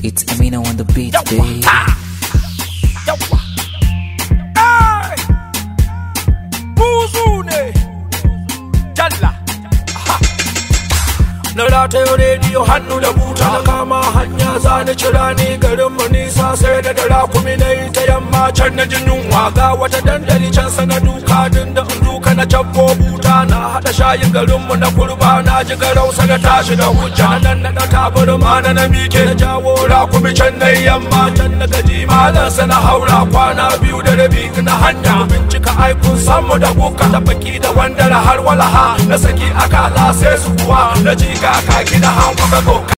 It's Amino on the beat, baby. na ratayo rediyo hannu da buta na kama hanya za ni cira ni garin mu nisa sai da dara kuma na yi ta yamma can na jin yunwa ga wata dandali can sana duka din da duka na cabbo buta na haɗa shayin garin mu na kurba na ji garau sana tashi da hujja nan na ta mana na mike na jawo rakumi can na yamma can na gaji malan sana haura kwana biyu da rabi na hanya bincika aikun samu da kuka da baki da wanda har walaha na saki akala sai su kuwa na ji ga kaki na hankwa